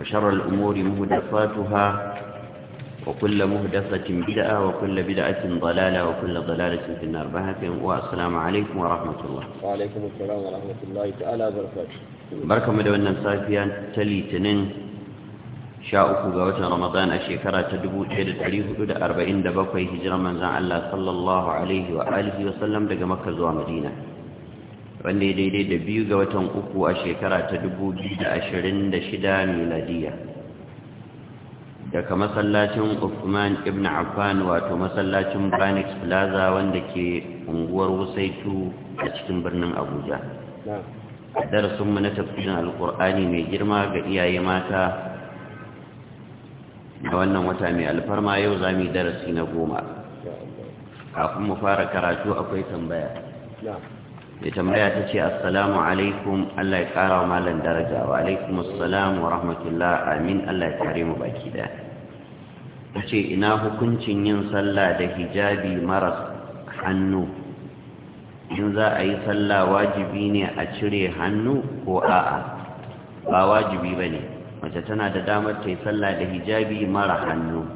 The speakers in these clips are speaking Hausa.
وشر الأمور مهدفاتها وكل مهدفة بدعة وكل بدعة ضلالة وكل ضلالة في النار بهتم والسلام عليكم ورحمة الله وعليكم السلام ورحمة الله تعالى وبركاته بركة مدونة سافيا تلي تنين شاء قوة رمضان الشيكرة تدبو إلى تاريخ إلى أربعين دبقى هجرة من زعل الله صلى الله عليه وآله وسلم دقى مكة زوى مدينة wanda ya daidai da biyu ga watan uku a shekara ta ashirin 2026 miladiya daga masallacin Uthman ibn Affan wato masallacin Banex Plaza wanda ke unguwar Wusaitu a cikin birnin Abuja darasinmu na tafsirin alkur'ani mai girma ga iyaye mata a wannan wata mai alfarma yau za mu yi darasi na goma kafin mu fara karatu akwai tambaya ya tambaya ta ce assalamu alaikum Allah ya kara wa malam daraja wa alaikum assalamu wa rahmatullah amin Allah ya kare mu baki da ta ce ina hukuncin yin sallah da hijabi maras hannu in za a yi sallah wajibi ne a cire hannu ko a'a ba wajibi ba ne mace tana da damar ta yi sallah da hijabi mara hannu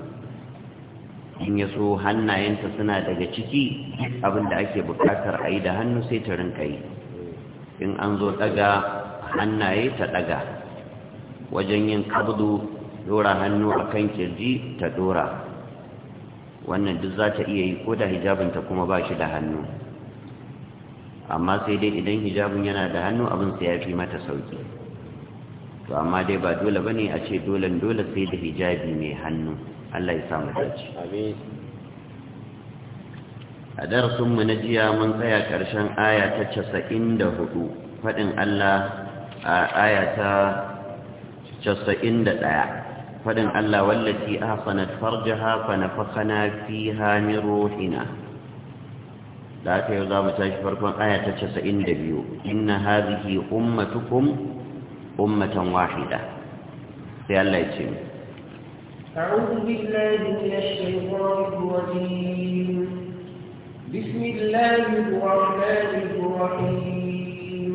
in ya so hannayenta suna daga ciki abin da ake bukatar a yi da hannu sai ta rinka yi in an zo daga hannaye ta daga wajen yin kabdu dora hannu a kan kirji ta dora wannan duk za ta iya yi ko da hijabinta kuma ba shi da hannu amma sai dai idan hijabin yana da hannu abin sai ya fi mata sauki to amma dai ba dole bane a ce dole dole sai da hijabi mai hannu Allah ya samu dace amin a darasin mu na jiya mun tsaya karshen aya ta 94 fadin Allah a aya ta 91 fadin Allah wallati ahsanat farjaha fa nafakhana fiha min ruhina da aka yau za mu tashi farkon aya ta casa'in da biyu inna hazihi ummatukum ummatan wahida sai Allah ya ce mu أعوذ بالله من الشيطان الرجيم بسم الله الرحمن الرحيم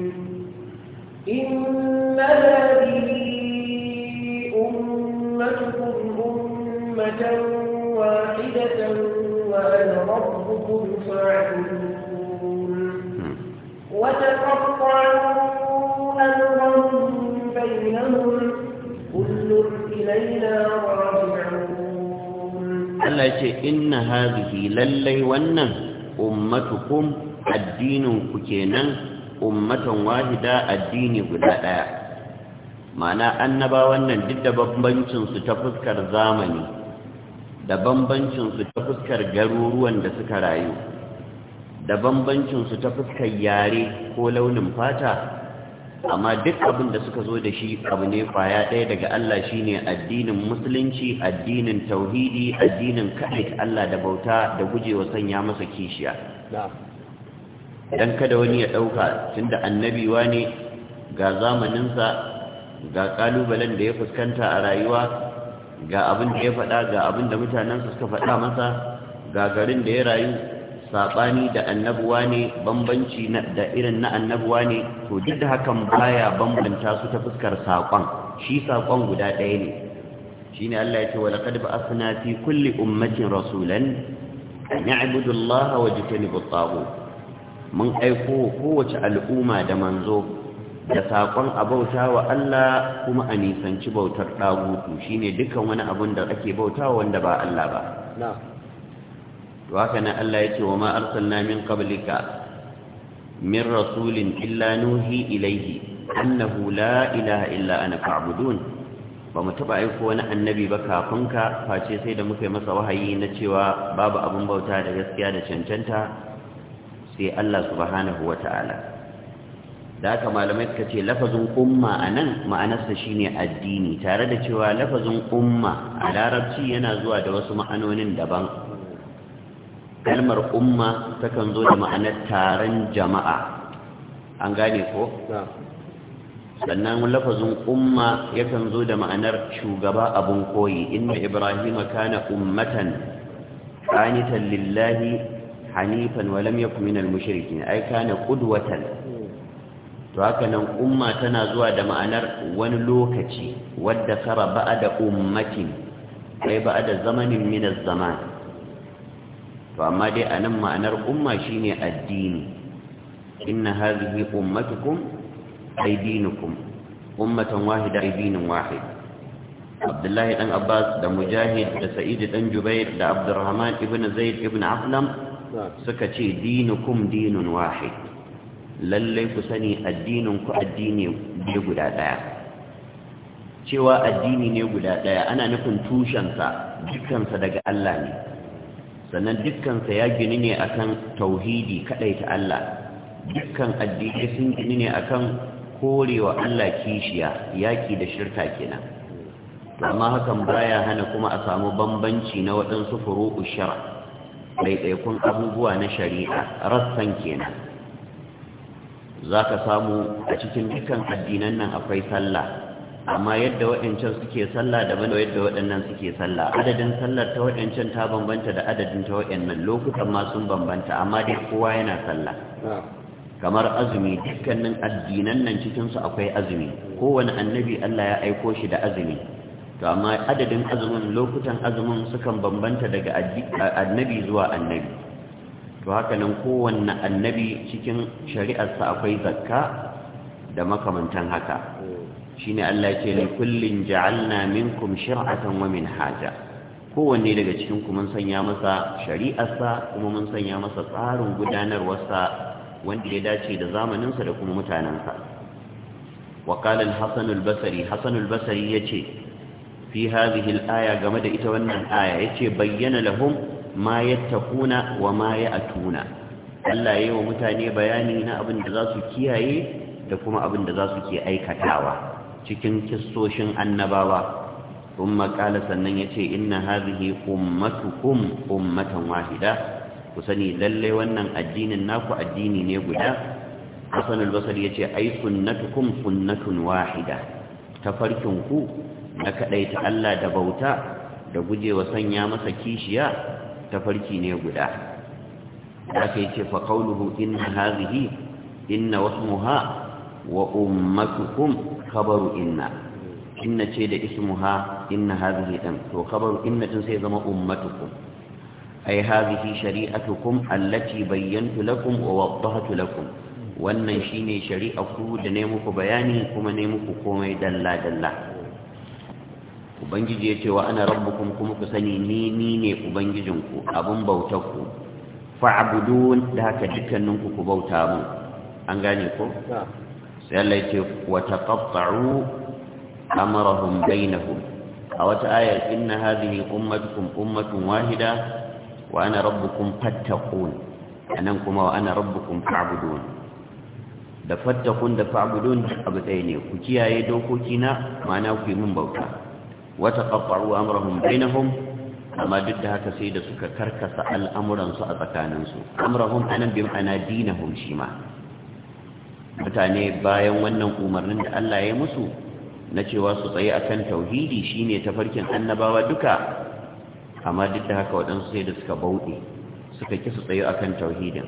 إن هذه أمتكم أمة واحدة وأنا ربكم فاعبدون وتقطعوا أمرا بينهم كل إلينا رحيم Allah ya ce inna hadhihi lallai wannan ummatukum addinin ku kenan ummatan wahida addini guda daya ma'ana annaba wannan duk da bambancin su ta fuskar zamani da bambancin su ta fuskar garuruwan da suka rayu da bambancin su ta fuskar yare ko launin fata amma duk abin da suka zo da shi abu ne kwaya ɗaya daga Allah shi ne addinin musulunci addinin tauhidi addinin kaɗaita Allah da bauta da gujewa sanya masa kishiya Don kada wani ya ɗauka tun da annabiwa ne ga zamaninsa ga ƙalubalen da ya fuskanta a rayuwa ga abin da ya faɗa ga abin da mutanensa suka faɗa masa ga garin da ya rayu saɓani da annabuwa ne bambanci da irin na annabuwa ne to duk da hakan baya bambanta su ta fuskar saƙon shi saƙon guda ɗaya ne shi ne Allah ya ce wa laqad ba'athna fi kulli ummatin rasulan an ya'budu Allah wa yajtanibu at mun aiko kowace al'umma da manzo da saƙon a wa Allah kuma a nisanci bautar ɗagutu shine dukkan wani abun da ake bautawa wanda ba Allah ba waka nan Allah ya ce wa ma namin min min rasulin illa nuhi ilaihi annahu la ilaha illa ana fa'budun ba mu taba aiko wani annabi ba kafin ka face sai da muka yi masa wahayi na cewa babu abin bauta da gaskiya da cancanta sai Allah subhanahu wata'ala da haka malamai suka ce lafazin umma a nan ma'anarsa shine addini tare da cewa lafazin umma a larabci yana zuwa da wasu ma'anonin daban kalmar umma takan zo da ma'anar taron jama'a an gane ko sannan lafazin umma yakan zo da ma'anar shugaba abun koyi inna ibrahima kana ummatan qanitan lillahi hanifan wa lam yakun na mushrikin ai kana qudwatan to haka nan umma tana zuwa da ma'anar wani lokaci wadda ba'a da ummatin ai da zamanin minas az-zaman to amma dai a nan ma'anar umma shine addini inna hadhihi ummatukum ay ummatan wahida ay wahid Abdullahi dan Abbas da Mujahid da Sa'id dan Jubair da Abdurrahman ibn Zaid ibn Aflam suka ce dinukum dinun wahid Lallai ku sani addinin ku addini ne guda daya cewa addini ne guda daya ana nufin tushensa dukkansa daga Allah ne sannan dukkansa ya gini ne akan tauhidi kadai ta Allah dukkan addini sun gini ne akan korewa Allah kishiya yaki da shirka kenan amma hakan baya hana kuma a samu bambanci na waɗansu furu'u shara ɗaiɗaikun abubuwa na shari'a rassan kenan za ka samu a cikin dukkan addinan nan akwai sallah amma yadda waɗancan suke sallah daban da yadda waɗannan suke sallah adadin sallar ta waɗancan ta bambanta da adadin ta waɗannan lokutan ma sun bambanta amma dai kowa yana sallah kamar azumi dukkanin addinan nan cikinsu akwai azumi kowane annabi Allah ya aiko shi da azumi to amma adadin azumin lokutan azumin sukan bambanta daga annabi zuwa annabi to haka nan kowanne annabi cikin shari'arsa akwai zakka da makamantan haka shine Allah ce li kullin ja'alna minkum shir'atan wa minhaja kowanne daga cikin mun sanya masa shari'arsa kuma mun sanya masa tsarin gudanarwarsa wanda ya dace da zamaninsa da kuma mutanensa wa qala al-hasan al-basri hasan al-basri yace fi hadhihi al-aya game da ita wannan aya yace bayyana lahum ma yattaquna wa ma ya'tuna Allah yayi wa mutane bayani na abin da za su kiyaye da kuma abin da za su ke aikatawa cikin kissoshin annabawa umma kala sannan yace inna hadhihi ummatukum ummatan wahida ku sani lalle wannan addinin naku addini ne guda Hassan al-Basri yace ai sunnatukum sunnatun wahida tafarkin ku na ta Allah da bauta da gujewa sanya masa kishiya ta farki ne guda haka yace fa qawluhu inna hadhihi inna wasmuha wa ummatukum khabaru inna inna ce da ismuha inna hadhihi dan to khabaru inna din sai zama ummatukum ay hadhihi shari'atukum allati bayyantu lakum wa waddahtu lakum wannan shine shari'a ku da ne muku bayani kuma ne muku komai dalla dalla ubangiji yace wa ana rabbukum kuma ku sani ni ni ne ubangijinku abun bautar ku fa'budun da haka dukkaninku ku bauta mu an gane ko sai Allah yake wa taqatta'u amrahum bainahum a wata aya inna hadhihi ummatukum ummatun wahida wa ana rabbukum fattaqun anan kuma wa ana rabbukum fa'budun da fattakun da fa'budun abu ɗaya ne ku kiyaye dokokina ma'ana ku yi min bauta wa taqatta'u amrahum bainahum amma duk da haka sai da suka karkasa al'amuransu a tsakaninsu amurahun anan bi ma'ana dinahun shi ma mutane bayan wannan umarnin da Allah ya musu na cewa su tsaye akan tauhidi shine tafarkin annabawa duka amma duk da haka waɗansu sai da suka bauɗe suka ki su tsaye akan tauhidin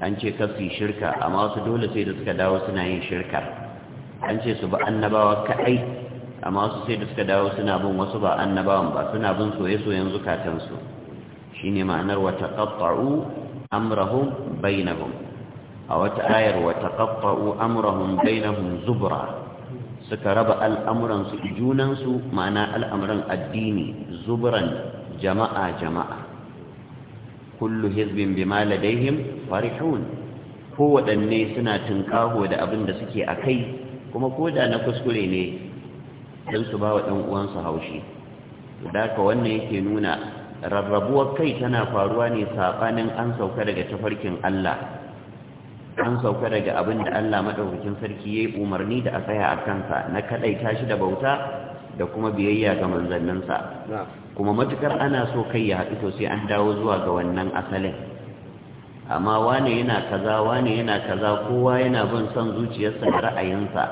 an ce kar yi shirka amma wasu dole sai da suka dawo suna yin shirka an ce su ba annabawa kaɗai amma wasu sai da suka dawo suna bin wasu ba annabawan ba suna bin soye-soyen zukatansu shine ma'anar wata qatta'u amrahum bainahum a wata ayar wa taqatta'u amrahum bainahum zubra suka raba al'amuran su ma'ana al'amuran addini zubran jama'a jama'a kullu hizbin bima ladaihim farihun ko waɗanne suna tunkaho da abin da suke kai, kuma ko da na kuskure ne don su ba wa ɗan uwansu haushi da wannan yake nuna rarrabuwar kai tana faruwa ne saɓanin an sauka daga tafarkin Allah an sauka daga abin da Allah madaukakin sarki yayi umarni da a tsaya a kansa na kaɗai tashi da bauta da kuma biyayya ga manzanninsa kuma matukar ana so kai ya haɗu to sai an dawo zuwa ga wannan asalin amma wane yana kaza wane yana kaza kowa yana bin son zuciyarsa da ra'ayinsa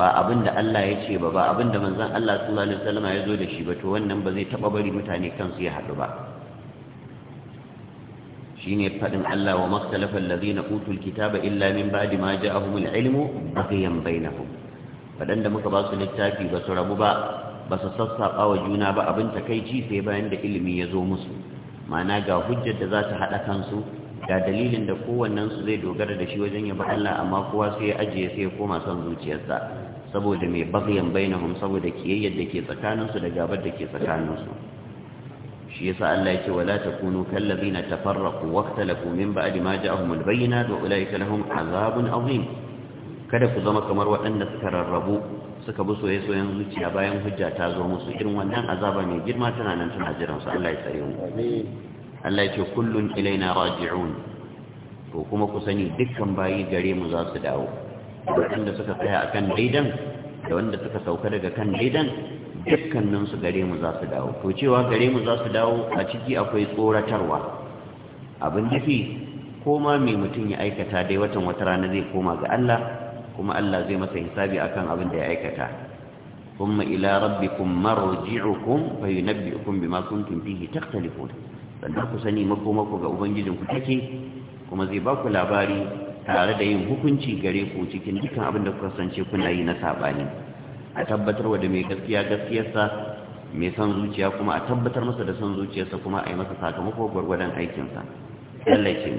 ba abin da Allah ya ce ba ba abin da manzon Allah sallallahu alaihi wasallam ya zo da shi ba to wannan ba zai taba bari mutane kansu ya haɗu ba shine faɗin Allah wa maktalafa alladhina utul kitaba illa min ba'di ma ja'ahumul ilmu baghyan bainahum fadanda muka ba su littafi ba su rabu ba ba su sassaba wa juna ba abin takeici sai bayan da ilimi ya zo musu ma'ana ga hujjar da za ta hada kansu ga dalilin da kowannen su zai dogara da shi wajen yabi Allah amma kowa sai ya ajiye sai ya koma son zuciyarsa saboda mai baghyan bainahum saboda kiyayyar da ke tsakaninsu da gabar da ke tsakaninsu shi yasa Allah yake wala takunu kallabina tafarraqu waqtalafu min ba'di ma ja'ahumul bayyinatu wa ulaika lahum azabun azim kada ku zama kamar waɗanda suka rarrabu suka bi soyayyen zuciya bayan hujja ta zo musu irin wannan azaba mai girma tana nan tana jiran su Allah ya tsare mu Allah yake kullun ilaina raji'un to kuma ku sani dukkan bayi gare mu za su dawo waɗanda suka tsaya akan daidan da wanda suka sauka daga kan daidan dukkanin su gare mu za su dawo to cewa gare mu za su dawo a ciki akwai tsoratarwa abin nufi ko ma mai mutum ya aikata dai watan wata rana zai koma ga Allah kuma Allah zai masa hisabi akan abin da ya aikata kuma ila rabbikum marji'ukum yunabbi'ukum bima kuntum bihi takhtalifun sannan ku sani makoma ku ga ubangijin ku take kuma zai ba ku labari tare da yin hukunci gare ku cikin dukkan abin da kuka sance kuna yi na sabani a tabbatar wa da mai gaskiya gaskiyarsa mai son zuciya kuma a tabbatar masa da son zuciyarsa kuma a yi masa sakamako gwargwadon aikinsa tsallake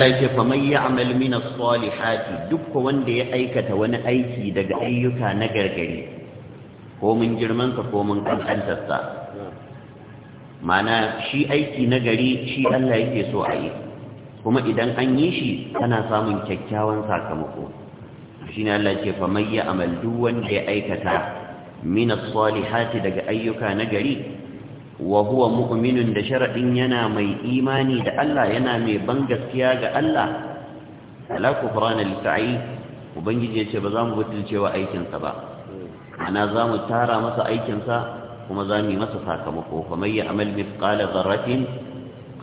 ne ce fa mai ya amalmi na as-salihati duk wanda ya aikata wani aiki daga ayyuka na gargari ko mun girmansa ko mun kankantarsa mana shi aiki na gari shi Allah yake so a yi kuma idan an yi shi ana samun kyakkyawan sakamako shi ne Allah ce famai amal duk wanda ya aikata min as-salihati daga ayyuka na gari wa huwa mu'minun da sharadin yana mai imani da Allah yana mai ban gaskiya ga Allah la kufrana li sa'i ubangiji ya ce ba za mu butulcewa aikinsa ba ana za mu tara masa aikinsa kuma za mu yi masa sakamako mai ya amal mithqala dharratin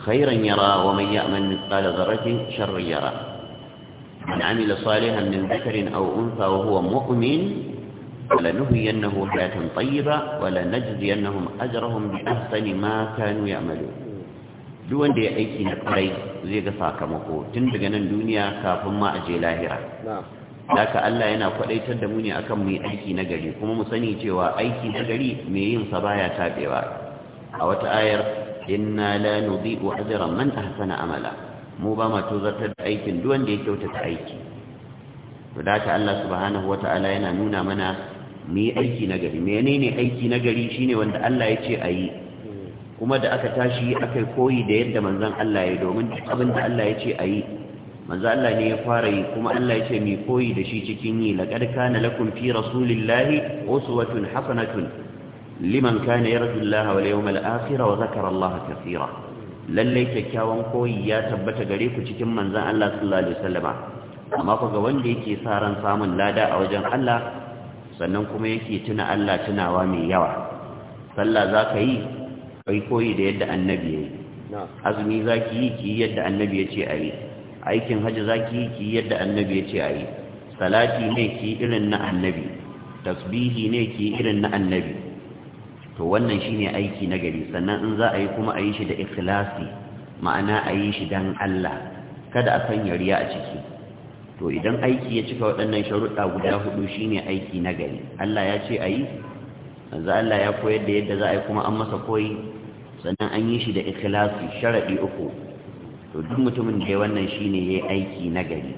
khairan yara wa ya ya'mal mithqala dharratin sharran yara man amila salihan min dhakarin aw untha wa huwa mu'min فلنهينه حياة طيبة ولنجزينهم أجرهم بأحسن ما كانوا يعملون duk wanda ya aiki na kwarai zai ga sakamako tun daga nan duniya kafin ma aje je lahira ka Allah yana kwadaitar da mu ne akan mu yi aiki na gari kuma mu sani cewa aiki na gari mai yin sa baya tabewa a wata ayar inna la nudhi'u ajra man ahsana amala mu ba ma tuzartar da aikin duk wanda ya kyautata aiki to da ka Allah subhanahu wata'ala yana nuna mana mu yi aiki na gari menene aiki na gari shine wanda Allah ya ce yi? kuma da aka tashi akai koyi da yadda manzon Allah ya domin abin da Allah ya ce ayi manzo Allah ne ya fara yi kuma Allah ya ce mai koyi da shi cikin yi laqad kana lakum fi rasulillahi uswatun hasanatun liman kana yarju Allah wal yawmal akhir wa zakara Allah kaseera lalle kyakkyawan koyi ya tabbata gare ku cikin manzon Allah sallallahu alaihi wasallama amma ku ga wanda yake sa ran samun lada a wajen Allah sannan kuma yake tuna Allah tunawa mai yawa sallah zaka yi kai koyi da yadda annabi yayi azumi zaki yi ki yadda annabi ya ce a yi aikin hajji zaki ki yadda annabi ya ce ayi salati ne ki irin na annabi tasbihi ne ki irin na annabi to wannan shine aiki na gari sannan in za a yi kuma a yi shi da ikhlasi ma'ana a yi shi dan Allah kada a sanya riya a ciki to idan aiki ya cika waɗannan sharuɗa guda hudu shine aiki na gari Allah ya ce ayi manzo Allah ya koyar da yadda za a yi kuma an masa koyi sannan an yi shi da ikhlasi sharaɗi uku to duk mutumin da ya wannan shi ne ya yi aiki na gari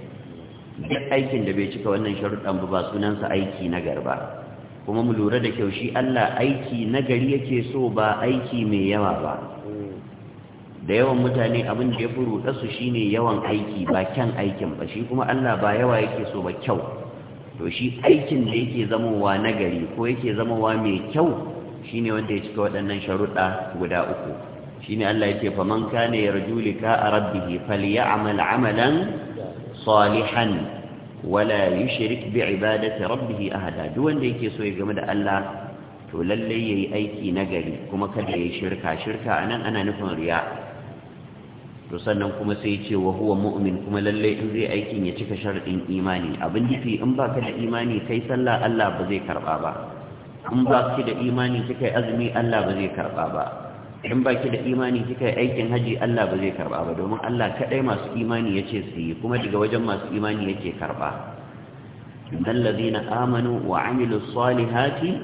duk aikin da bai cika wannan sharuɗan ba ba sunansa aiki na ba, kuma mu lura da kyau shi Allah aiki na gari yake so ba aiki mai yawa ba da yawan mutane abin da ya fi ruɗa su ne yawan aiki ba kyan aikin ba shi kuma Allah ba yawa yake so ba kyau to shi aikin da yake zamowa na gari ko yake zamowa mai kyau shine wanda ya cika waɗannan sharuɗa guda uku shine Allah yake fa man kana yarju lika rabbih falyamal amalan salihan wala yushrik bi ibadati rabbih ahada duk wanda yake so ya game da Allah to lalle yayi aiki nagari kuma kada yayi shirka shirka anan ana nufin riya to sannan kuma sai ce wa huwa mu'min kuma lalle in zai aikin ya cika sharadin imani abin nufi in baka da imani kai sallah Allah ba zai karba ba in baki da imani kika yi azumi Allah ba zai karba ba in baki da imani kika yi aikin haji Allah ba zai karba ba domin Allah kadai masu imani yace su yi kuma daga wajen masu imani yake karba innal ladina amanu wa amilus salihati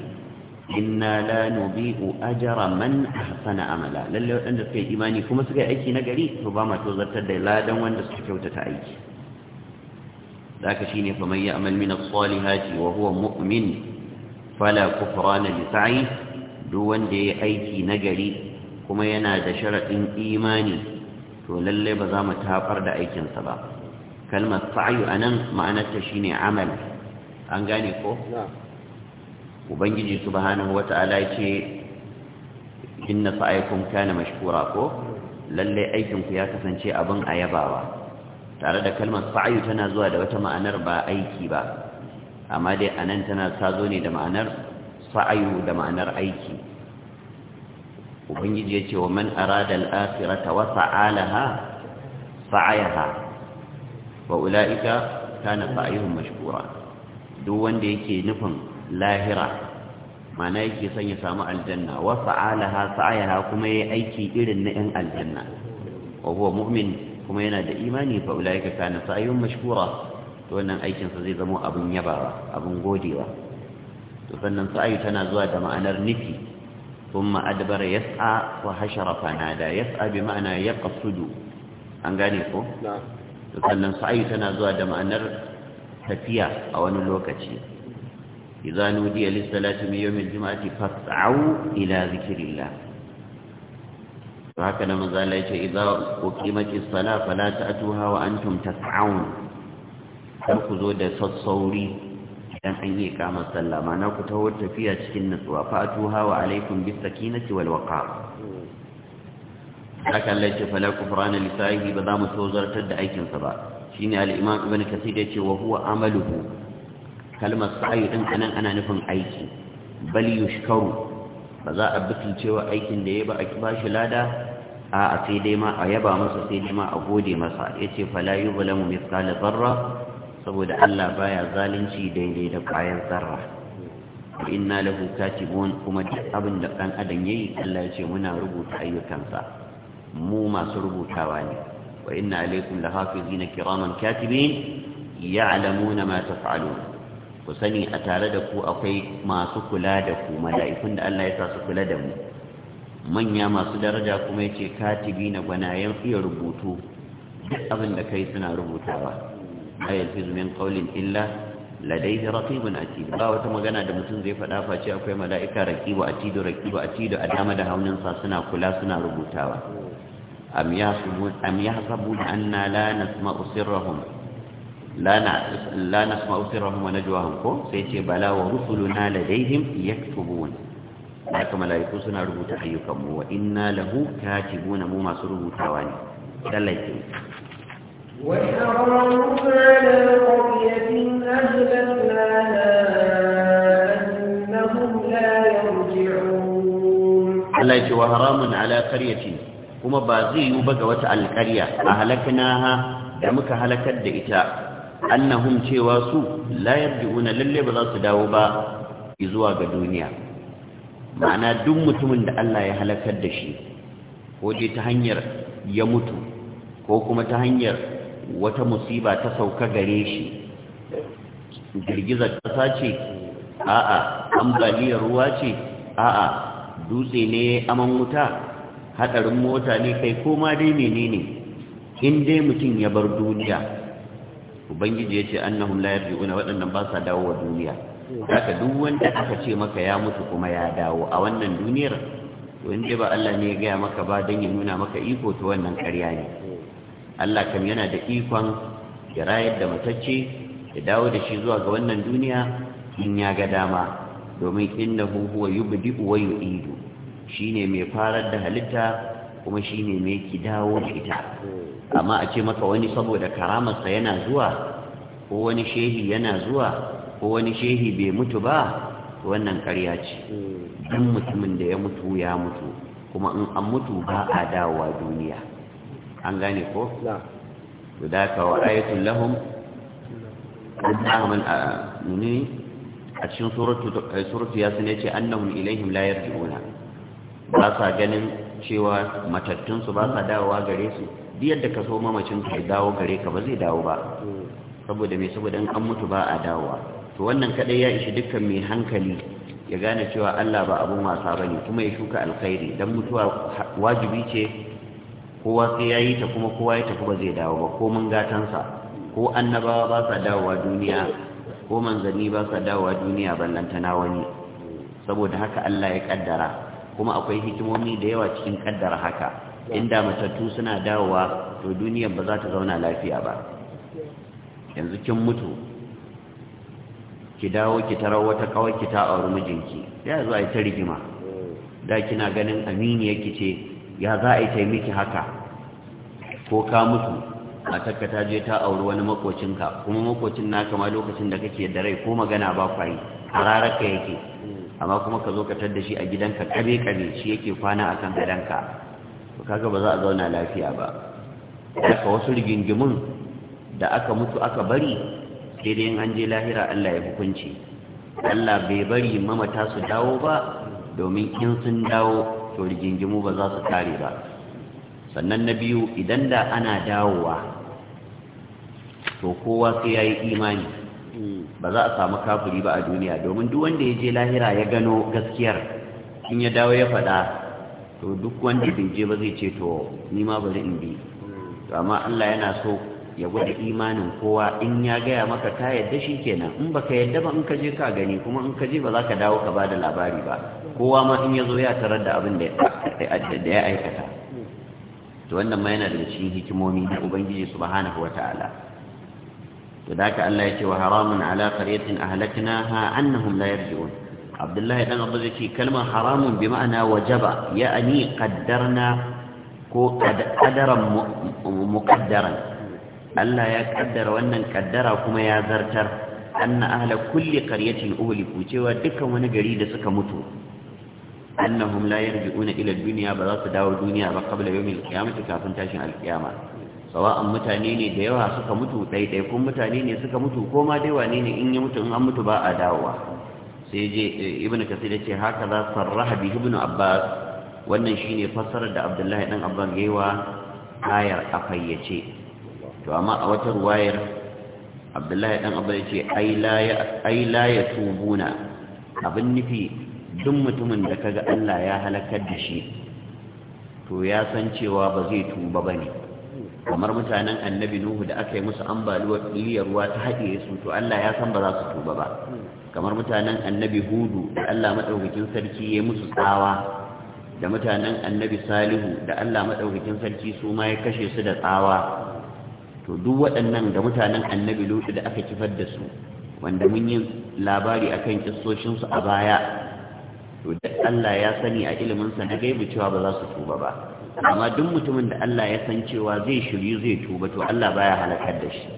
inna la nubi'u ajra man ahsana amala lalle wanda suka yi imani kuma suka yi aiki na gari to ba ma to zartar da ladan wanda suka kyautata aiki ذاك شيني فمن يعمل من الصالحات وهو مؤمن فلا duk wanda ya yi aiki nagari. kuma yana da sharaɗin imani to lalle ba za mu tafar da aikinsa ba kalmar sa'ayu a nan ma'anarta shi ne amal an gane ko? ubangiji subhanahu wa ta'ala ce inna sa'ayakun kana mashkura ko lalle aikinku ya kasance abin yabawa. tare da kalmar sa'ayu tana zuwa da wata ma'anar ba aiki ba amma dai a nan tana ta zo ne da ma'anar sa'ayu da ma'anar aiki ubangiji ya ce wa man arada al-akhirata wa fa'alaha fa'ayaha wa ulaika kana fa'ayuhum mashkura duk wanda yake nufin lahira mana yake son ya samu aljanna wa fa'alaha fa'ayaha kuma yayi aiki irin na yan aljanna wa huwa mu'min kuma yana da imani fa ulaika kana sa'yun mashkura to wannan aikin sa zai zama abun yabawa abun godewa to sannan sa'ayu tana zuwa da ma'anar nufi ثم أدبر يسعى وحشر فنادى يسعى بمعنى يقصد أنغانيكو نعم sannan sa'ayi tana zuwa da ma'anar tafiya a wani lokaci idza nudiya lis-salati min yawmil jum'ati fas'au ila zikrillah to haka na maza Allah yace idza uqimatis sala fala ta'tuha an antum tas'aun kar ku zo da sassauri idan an yi kamar sallah ma'ana ku taho tafiya cikin nutsuwa fatu hawa alaikum bis sakinati wal waqar haka Allah ya ce fala kufrana li sahibi ba za mu tozartar da aikin sa ba shine al-imam ibn kathir yace wa huwa amaluhu kalmar sa'i din anan ana nufin aiki bal yushkaru ba za a butulcewa aikin da ya ba a bashi lada a a sai dai ma a yaba masa sai dai ma a gode masa yace fala yuzlamu mithqala dharra saboda Allah baya zalunci daidai da kayan zarra inna lahu katibun kuma duk abin da dan adam yayi Allah ya ce muna rubuta ayyukansa mu masu rubutawa ne wa inna alaikum lahafizina kiraman katibin ya'lamuna ma taf'alun ku sani a tare da ku akwai masu kula da ku mala'ikun da Allah ya sa su kula da mu manya masu daraja kuma yace katibi na gwanayen iya rubutu duk abin da kai suna rubutawa ma yalfizu min qawlin illa ladaihi raqibun atid ba wata magana da mutum zai faɗa face akwai mala'ika raqibu atidu raqibu atidu a dama da haunin sa suna kula suna rubutawa am yahsabu am yahsabu anna la nasma'u sirrahum la na la nasma'u sirrahum wa najwahum ko sai ce bala wa rusuluna ladaihim yaktubun haka mala'iku suna rubuta ayyukan mu wa inna lahu katibuna mu masu rubutawa ne dallake Allah ce wa haramun ala karyaci kuma ba zai yi ba ga wata alƙarya a halaknaha da muka halakar da ita annahum cewa su layar yarji'una lalle ba za su dawo ba zuwa ga duniya ma'ana duk mutumin da Allah ya halakar da shi ko je ta hanyar ya mutu ko kuma ta hanyar wata musiba ta sauka gare shi girgizar ƙasa ce a'a ambaliyar ruwa ce a'a dutse ne aman wuta hadarin mota ne kai koma dai menene in dai mutum ya bar duniya ubangiji ya ce annahum la yarji'una waɗannan ba sa dawo wa duniya haka duk wanda aka ce maka ya mutu kuma ya dawo a wannan duniyar to in ba Allah ne ya gaya maka ba dan ya nuna maka iko to wannan ƙarya ne Allah kam yana da ikon ya rayar da matacce ya dawo da shi zuwa ga wannan duniya in ya ga dama domin inda huwa yubdi'u wa yu'idu shine mai farar da halitta kuma shine mai ki dawo da ita amma a ce maka wani saboda karamarsa yana zuwa ko wani shehi yana zuwa ko wani shehi bai mutu ba wannan ƙarya ce dan mutumin da ya mutu ya mutu kuma in an mutu ba a dawowa duniya an gane ko to da ka wa lahum annaman ne a cikin suratu eh, suratu yasin yace annahum ilaihim la yarji'una ba sa ganin cewa matattun su ba sa dawowa gare su duk yadda ka so mamacin ka dawo gare ka ba zai dawo ba saboda me saboda an mutu ba a dawowa to wannan kadai ya ishi dukkan mai hankali ya gane cewa Allah ba abun wasa bane kuma ya shuka alkhairi dan mutuwa wajibi ce kowa sai ya yi ta kuma kowa ya tafi ba zai dawo ba ko mun gatansa ko annabawa ba sa dawowa duniya ko manzanni ba sa dawowa duniya lantana wani saboda haka Allah ya kaddara kuma akwai hikimomi da yawa cikin kaddara haka inda matattu suna dawowa to duniyar ba za ta zauna lafiya ba yanzu kin mutu ki dawo ki tarar wata kawai ki ta auri mijinki ya zuwa zo a yi ta rigima da kina ganin amini ki ce ya za a yi taimaki haka ko ka mutu a matarka ta je ta auri wani makocinka kuma makocin na ma lokacin da kake da rai ko magana ba kwa yi hararaka yake amma kuma ka zo ka tar da shi a gidanka kare kare shi yake kwana a kan ba kaga ba za a zauna lafiya ba daga wasu rigingimun da aka mutu aka bari daidai dai an je lahira Allah ya hukunci Allah bai bari mamata su dawo ba domin in sun dawo to rigingimu ba za su tare ba sannan na biyu idan da ana dawowa to kowa sai ya yi imani ba za a samu kafuri ba a duniya domin duk wanda ya je lahira ya gano gaskiyar in ya dawo ya faɗa to duk wanda bai je ba zai ce to ni ma bari in bi to amma Allah yana so ya gwada imanin kowa in ya gaya maka ka yadda shi kenan in baka yadda ba in ka je ka gani kuma in ka je ba za ka dawo ka ba da labari ba kowa ma in ya zo ya tarar da abin da ya aikata to wannan ma yana daga cikin hikimomi na ubangiji subhanahu ta'ala. to da Allah ya ce wa haramun ala qaryatin ha annahum la yarji'un Abdullahi dan Abu ce kalmar haramun bi ma'ana wajaba ya'ani qaddarna ko qadaran muqaddaran Allah ya kaddara wannan kaddara kuma ya zartar anna ahla kulli qaryatin uhliku cewa dukkan wani gari da suka mutu annahum la yarji'una ila dunya ba za su dawo duniya ba qabla yawmil qiyamati kafin tashin alqiyama sawa'an mutane ne da yawa suka mutu ɗaiɗaikun mutane ne suka mutu ko ma dai wane ne in ya mutu in an mutu ba a dawowa sai je eh, ibnu kasir ya ce haka za sarraha bi ibnu abbas wannan shine fassarar da abdullahi dan abban yayiwa ayar a fayyace to amma a wata ruwayar abdullahi dan abban ya ce ai la ya tubuna abin nufi duk mutumin da kaga Allah ya halakar da shi to ya san cewa ba zai tuba ba ne kamar mutanen annabi nuhu da aka yi musu ambaluwar iliyar ruwa ta haɗe su to Allah ya san ba za su tuba ba kamar mutanen annabi hudu da Allah maɗaukakin sarki ya musu tsawa da mutanen annabi salihu da Allah maɗaukakin sarki su ma ya kashe su da tsawa to duk waɗannan da mutanen annabi lutu da aka kifar da su wanda mun yi labari akan kissoshinsu a baya to duk Allah ya sani a iliminsa na gaibu cewa ba za su tuba ba amma duk mutumin da Allah ya san cewa zai shiryu zai tuba to Allah baya halakar da shi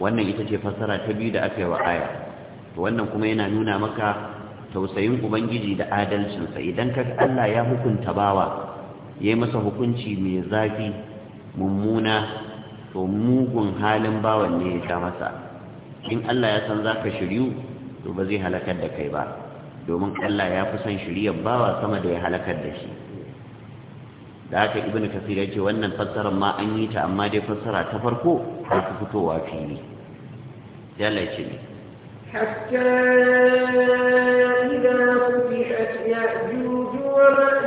wannan ita ce fassara ta biyu da aka yi wa aya to wannan kuma yana nuna maka tausayin ubangiji da adalcinsa idan ka Allah ya hukunta bawa yayi masa hukunci mai zafi mummuna to mugun halin bawan ne ya sa masa in Allah ya san zaka shiryu to ba zai halakar da kai ba domin Allah ya fi son shiriyar bawa sama da ya halakar da shi da haka ibnu kasir ya ce wannan fassarar ma an yi ta amma dai fassara ta farko ta fi fitowa fili ne. ya ce ne حتى إذا فتحت يأجوج ومأجوج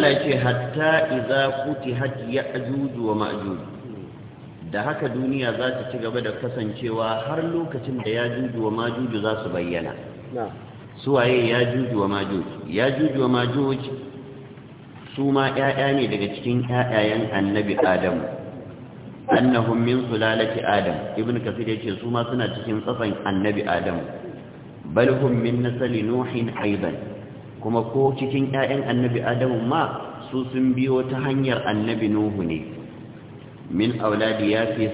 Allah yake hatta idza ya ajuju wa majuju, da haka duniya za ta ci gaba da kasancewa har lokacin da juju wa majuju za su bayyana suwaye juju wa ya juju wa ma'juj su ma ƴaƴa ne daga cikin ƴaƴayen annabi Adam annahum min sulalati Adam ibn kafir yace su ma suna cikin tsafan annabi Adam bal min nasli nuhin aidan kuma ko cikin ƴaƴan annabi adamu ma su sun biyo ta hanyar annabi nuhu ne min auladi yafis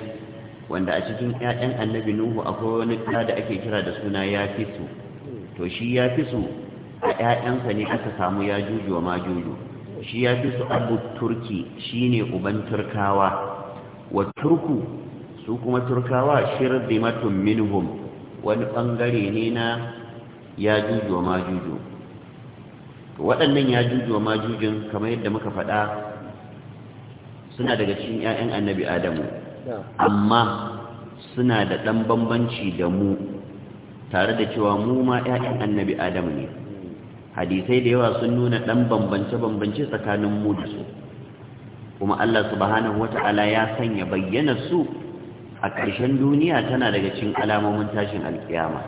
wanda a cikin ƴaƴan annabi nuhu akwai wani ɗa da ake kira da suna yafisu to shi yafisu a ƴaƴansa ne aka samu yajuju wa majuju shi yafisu abu turki shine uban turkawa wa turku su kuma turkawa shirdimatun minhum wani bangare ne na juju wa majuju waɗannan ya juju wa majujin kamar yadda muka faɗa suna daga cikin 'ya'yan annabi adamu amma suna da ɗan bambanci da mu tare da cewa mu ma 'ya'yan annabi adamu ne hadisai da yawa sun nuna ɗan bambance-bambance tsakanin mu da su kuma Allah subhanahu wata'ala ya sanya bayyana su a ƙarshen duniya tana daga cikin alamomin tashin alkiyama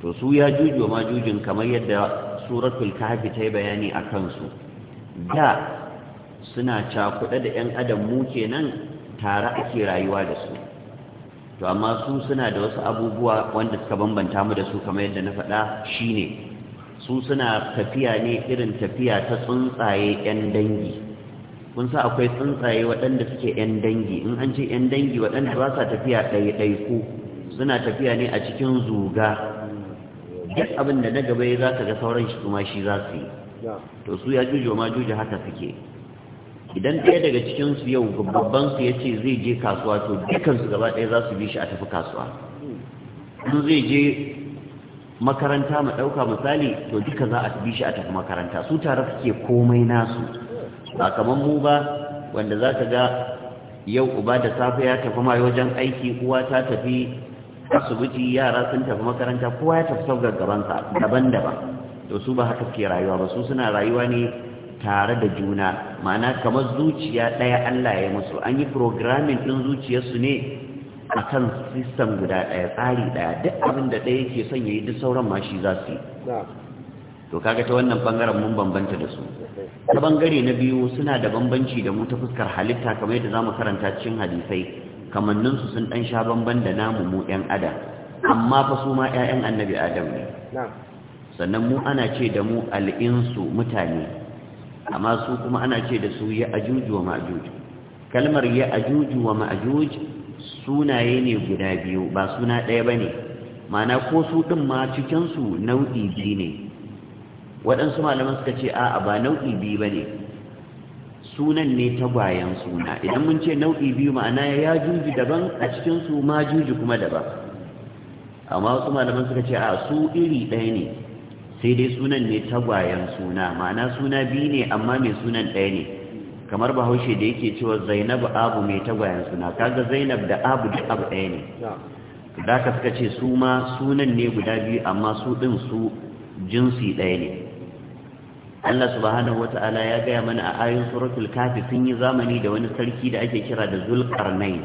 to su ya juju wa majujin kamar yadda suratul kahfi ta yi bayani a kansu da suna cakuɗe da 'yan adam mu kenan tare ake rayuwa da su to amma su suna da wasu abubuwa wanda suka bambanta mu da su kamar yadda na faɗa shine su suna tafiya ne irin tafiya ta tsuntsaye 'yan dangi kun sa akwai tsuntsaye waɗanda suke 'yan dangi in an ce 'yan dangi waɗanda ba sa tafiya ko suna tafiya ne a cikin zuga duk abin da na gaba ya za ka ga sauran shi kuma shi za su yi to su ya juju ma juju haka suke idan ɗaya daga cikin su yau babban su ya ce zai je kasuwa to su gaba ɗaya za su bi shi a tafi kasuwa in zai je makaranta mu ɗauka misali to duka za a bi shi a tafi makaranta su tare suke komai nasu ba kamar mu ba wanda za ka ga yau uba da safe ya tafi ma wajen aiki uwa ta tafi asibiti yara sun tafi makaranta kowa ya tafi sauƙar gabansa daban-daban to su ba haka suke rayuwa ba su suna rayuwa ne tare da juna ma'ana kamar zuciya ɗaya Allah ya musu an yi programming ɗin zuciyarsu ne a kan sistem guda ɗaya tsari ɗaya duk abin da ɗaya ke son ya yi duk sauran ma shi za su yi to kaga ta wannan bangaren mun bambanta da su ta bangare na biyu suna da bambanci da mu ta fuskar halitta kamar yadda za mu karanta cikin hadisai kamanninsu sun ɗan sha bamban da namu mu ‘yan adam amma fa su ma ‘ya'yan annabi adam ne sannan mu ana ce da mu al'insu mutane amma su kuma ana ce da su ya ajuju wa ma'ajuju kalmar ya ajuju wa ma'ajuju sunaye ne guda biyu ba suna ɗaya ba ne mana ko su ɗin ma cikinsu nau'i biyu ne waɗansu malaman suka ce a'a ba nau'i biyu ba ne sunan ne tagwayen suna idan mun ce nau'i biyu ma'ana ya juji daban a cikin su ma juji kuma daban amma wasu malaman suka ce a su iri ɗaya ne sai dai sunan ne tagwayen suna ma'ana suna biyu ne amma mai sunan ɗaya ne kamar bahaushe da yake cewa zainab abu mai tagwayen suna kaga zainab da abu duk abu ɗaya ne da ka suka ce su ma sunan ne guda biyu amma su ɗin su jinsi ɗaya ne Allah subhanahu wata'ala ya gaya mana a ayin suratul kafi sun yi zamani da wani sarki da ake kira da zulkarnain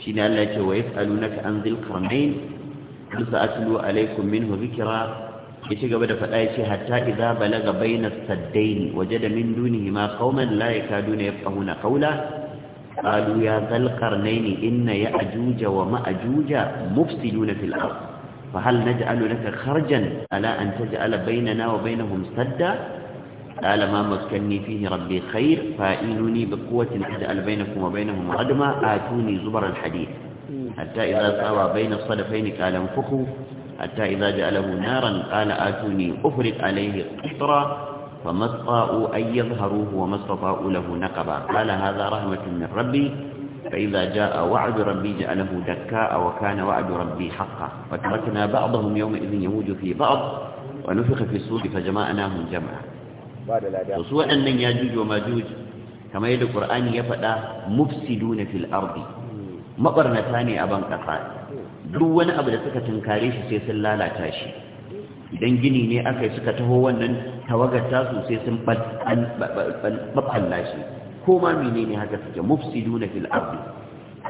shine Allah ya ce wa yas'alunaka an zulkarnain qul sa'atlu alaikum minhu dhikra ya ci gaba da faɗa ya ce hatta idza balaga baina saddaini wajada min dunihima qauman la yakaduna yafqahuna qawla qalu ya zulkarnain inna ya'juja wa ma'juja mufsiduna fil ardh فهل نجعل لك خرجا ألا أن تجعل بيننا وبينهم سدا قال ما مكني فيه ربي خير فإنني بقوة أجعل بينكم وبينهم ردما آتوني زبر الحديد حتى إذا ساوى بين الصدفين قال انفخوا حتى إذا جعله نارا قال آتوني أفرق عليه قطرا فما استطاعوا أن يظهروه وما استطاعوا له نقبا قال هذا رحمة من ربي فإذا جاء وعد ربي جعله دكاء وكان وعد ربي حقا وتركنا بعضهم يومئذ يموج في بعض ونفخ في الصور فجمعناهم جمعا وسوء أن ياجوج وماجوج كما يد القرآن يفدى مفسدون في الأرض ثاني أبان قطع دون أبدا سكة كاريش سيسلا لا تاشي idan gini ne aka yi suka taho wannan tawagar tasu sai sun ɓaɓɓalla ko ma menene haka suke mufsiduna fil ard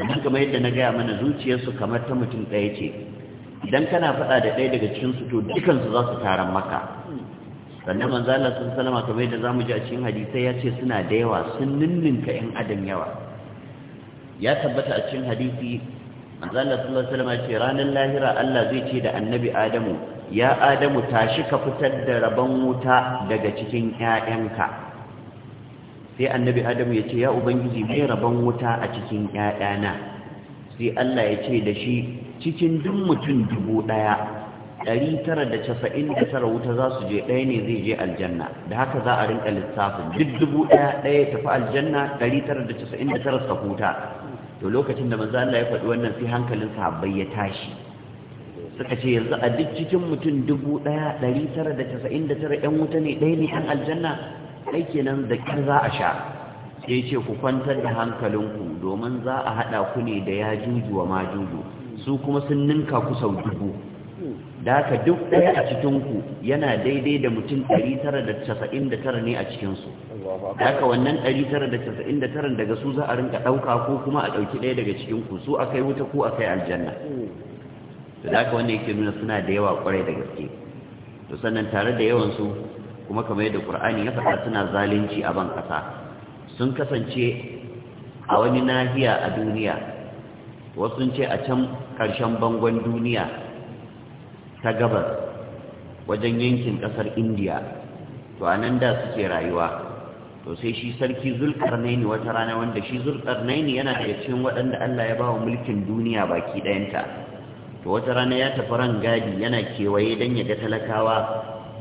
idan kamar yadda na gaya mana zuciyarsu kamar ta mutum ɗaya ce idan kana faɗa da ɗaya daga cikin su to dukansu za su taron maka sannan manzo Allah sun salama kamar yadda zamu ji a cikin hadisi ya ce suna da yawa sun ninninka ƴan adam yawa ya tabbata a cikin hadisi manzo Allah sallallahu alaihi wasallam ya ce ranar lahira Allah zai ce da annabi Adamu ya Adamu tashi ka fitar da rabon wuta daga cikin ƴaƴanka sai annabi adamu ya ce ya ubangiji mai rabon wuta a cikin ƴaƴana sai Allah ya ce da shi cikin duk mutum dubu ɗaya ɗari tara da casa'in da tara wuta za su je ɗaya ne zai je aljanna da haka za a rinka lissafin duk dubu ɗaya ɗaya tafi aljanna ɗari tara da casa'in da tara su huta to lokacin da manzo Allah ya faɗi wannan sai hankalin sahabbai ya tashi suka ce yanzu a duk cikin mutum dubu ɗaya ɗari tara da casa'in da tara ƴan wuta ne ɗaya ne ɗan aljanna ai kenan da kyar za a sha sai ce ku kwantar da hankalinku domin za a haɗa ku ne da ya juju wa ma juju su kuma sun ninka ku sau dubu da haka duk ɗaya a cikinku yana daidai da mutum 999 ne a cikinsu da haka wannan 999 daga su za a rinka ɗauka ko kuma a ɗauki ɗaya daga cikinku su a kai wuta ko a kai aljanna da haka wannan yake nuna suna da yawa ƙwarai da gaske to sannan tare da yawansu kuma kamar yadda qur'ani ya faɗa suna zalunci a ban ƙasa sun kasance a wani nahiya a duniya wasu ce a can ƙarshen bangon duniya ta gabas wajen yankin ƙasar indiya to a nan da suke rayuwa to sai shi sarki ne wata rana wanda shi ne yana daga cikin waɗanda allah ya ba wa mulkin duniya baki ɗayanta to wata rana ya tafi ran gadi yana kewaye don ya ga talakawa